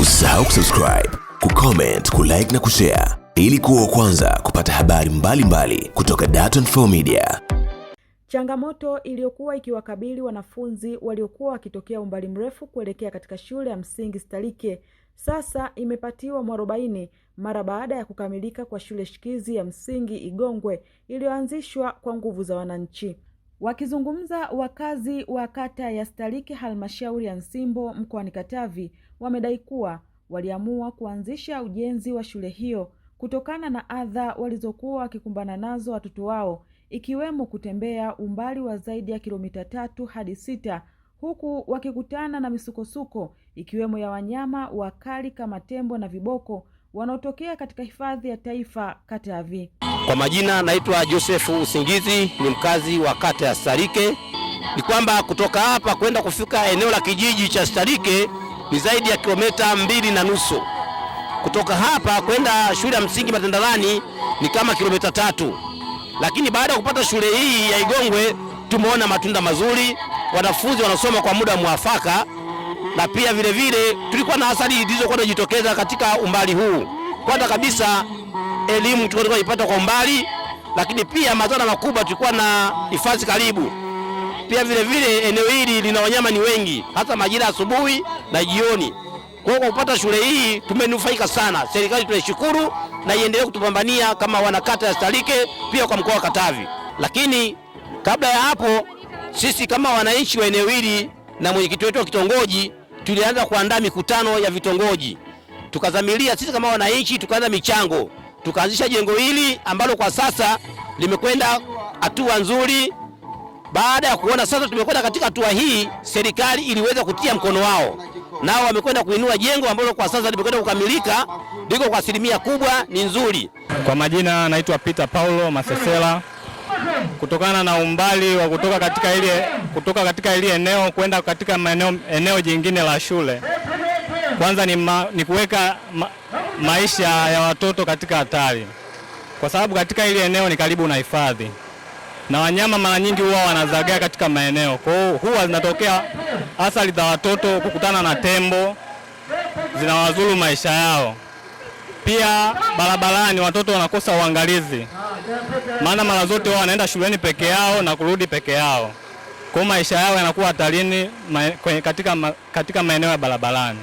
Usisahau kusubscribe, kucomment, kulike na kushare ili kuwa kwanza kupata habari mbalimbali mbali kutoka Dar24 Media. Changamoto iliyokuwa ikiwakabili wanafunzi waliokuwa wakitokea umbali mrefu kuelekea katika shule ya msingi stalike sasa imepatiwa mwarobaini mara baada ya kukamilika kwa shule shikizi ya msingi Igongwe iliyoanzishwa kwa nguvu za wananchi. Wakizungumza wakazi wa kata ya stariki halmashauri ya Nsimbo mkoani Katavi wamedai kuwa waliamua kuanzisha ujenzi wa shule hiyo kutokana na adha walizokuwa wakikumbana nazo watoto wao ikiwemo kutembea umbali wa zaidi ya kilomita tatu hadi sita huku wakikutana na misukosuko ikiwemo ya wanyama wakali kama tembo na viboko wanaotokea katika hifadhi ya taifa Katavi. Kwa majina naitwa Josefu Usingizi, ni mkazi wa kata ya starike Ni kwamba kutoka hapa kwenda kufika eneo la kijiji cha starike ni zaidi ya kilomita mbili na nusu. Kutoka hapa kwenda shule ya msingi Matendalani ni kama kilomita tatu, lakini baada ya kupata shule hii ya Igongwe tumeona matunda mazuri, wanafunzi wanasoma kwa muda mwafaka, na pia vilevile tulikuwa na athari zilizokuwa zinajitokeza katika umbali huu kwanza kabisa elimu tulikuwa tunaipata kwa mbali, lakini pia madhara makubwa, tulikuwa na hifadhi karibu. Pia vile vile eneo hili lina wanyama ni wengi, hasa majira asubuhi na jioni. Kwa hiyo kwa kupata shule hii tumenufaika sana. Serikali tunaishukuru na iendelee kutupambania kama wanakata ya Sitalike, pia kwa mkoa wa Katavi. Lakini kabla ya hapo, sisi kama wananchi wa eneo hili na mwenyekiti wetu wa kitongoji tulianza kuandaa mikutano ya vitongoji tukazamilia sisi kama wananchi, tukaanza michango, tukaanzisha jengo hili ambalo kwa sasa limekwenda hatua nzuri. Baada ya kuona sasa tumekwenda katika hatua hii, serikali iliweza kutia mkono wao, nao wamekwenda kuinua jengo ambalo kwa sasa limekwenda kukamilika, liko kwa asilimia kubwa, ni nzuri. Kwa majina naitwa Peter Paulo Masesela. Kutokana na umbali wa kutoka katika ile kutoka katika ile eneo kwenda katika maeneo, eneo jingine la shule kwanza ni, ma, ni kuweka ma, maisha ya watoto katika hatari, kwa sababu katika hili eneo ni karibu na hifadhi na wanyama mara nyingi huwa wanazagaa katika maeneo. Kwa hiyo huwa zinatokea athari za watoto kukutana na tembo, zinawazuru maisha yao. Pia barabarani watoto wanakosa uangalizi, maana mara zote wao wanaenda shuleni peke yao na kurudi peke yao, kwa maisha yao yanakuwa hatarini katika, katika maeneo ya barabarani.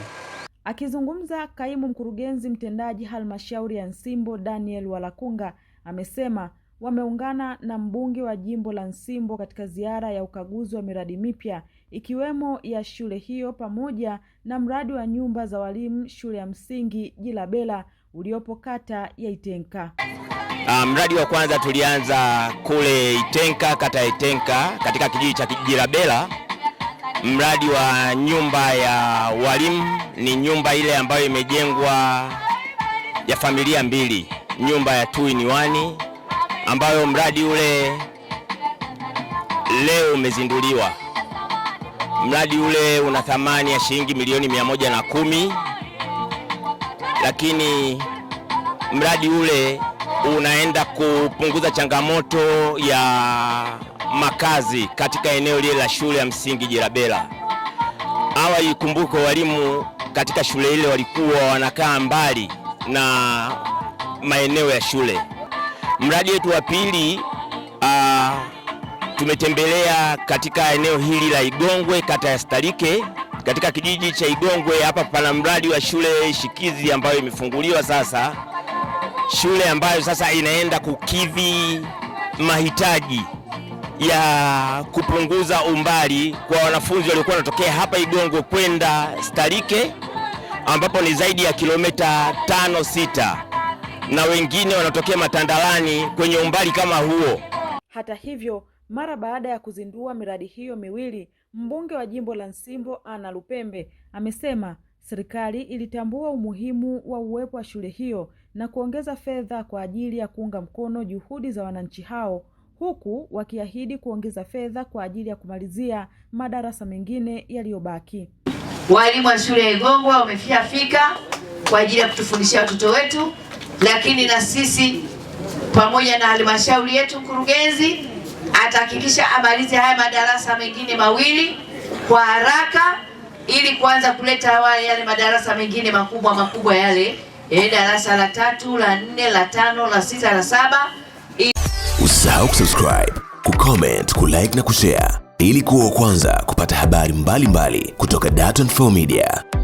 Akizungumza kaimu mkurugenzi mtendaji halmashauri ya Nsimbo Daniel Walakunga amesema wameungana na mbunge wa jimbo la Nsimbo katika ziara ya ukaguzi wa miradi mipya ikiwemo ya shule hiyo pamoja na mradi wa nyumba za walimu shule ya msingi Jilabela uliopo kata ya Itenka. Ah, mradi wa kwanza tulianza kule Itenka, kata ya Itenka katika kijiji cha Jilabela mradi wa nyumba ya walimu ni nyumba ile ambayo imejengwa ya familia mbili, nyumba ya two in one, ambayo mradi ule leo umezinduliwa. Mradi ule una thamani ya shilingi milioni mia moja na kumi, lakini mradi ule unaenda kupunguza changamoto ya makazi katika eneo lile la shule ya msingi Jirabela. Hawa ikumbuke walimu katika shule ile walikuwa wanakaa mbali na maeneo ya shule. Mradi wetu wa pili uh, tumetembelea katika eneo hili la Igongwe kata ya starike katika kijiji cha Igongwe. Hapa pana mradi wa shule shikizi ambayo imefunguliwa sasa shule ambayo sasa inaenda kukidhi mahitaji ya kupunguza umbali kwa wanafunzi waliokuwa wanatokea hapa Igongo kwenda starike ambapo ni zaidi ya kilomita tano sita na wengine wanatokea Matandalani kwenye umbali kama huo. Hata hivyo, mara baada ya kuzindua miradi hiyo miwili, mbunge wa jimbo la Nsimbo ana Lupembe amesema serikali ilitambua umuhimu wa uwepo wa shule hiyo na kuongeza fedha kwa ajili ya kuunga mkono juhudi za wananchi hao huku wakiahidi kuongeza fedha kwa ajili ya kumalizia madarasa mengine yaliyobaki. Walimu wa shule ya Igongwa wamefia fika kwa ajili ya kutufundishia watoto wetu, lakini na sisi pamoja na halmashauri yetu, mkurugenzi atahakikisha amalize haya madarasa mengine mawili kwa haraka ili kuanza kuleta wale yale madarasa mengine makubwa makubwa yale darasa la tatu, la nne, la tano, la sita, la saba. Usisahau kusubscribe, kucomment, kulike na kushare ili kuwa wa kwanza kupata habari mbalimbali mbali kutoka Dar24 Media.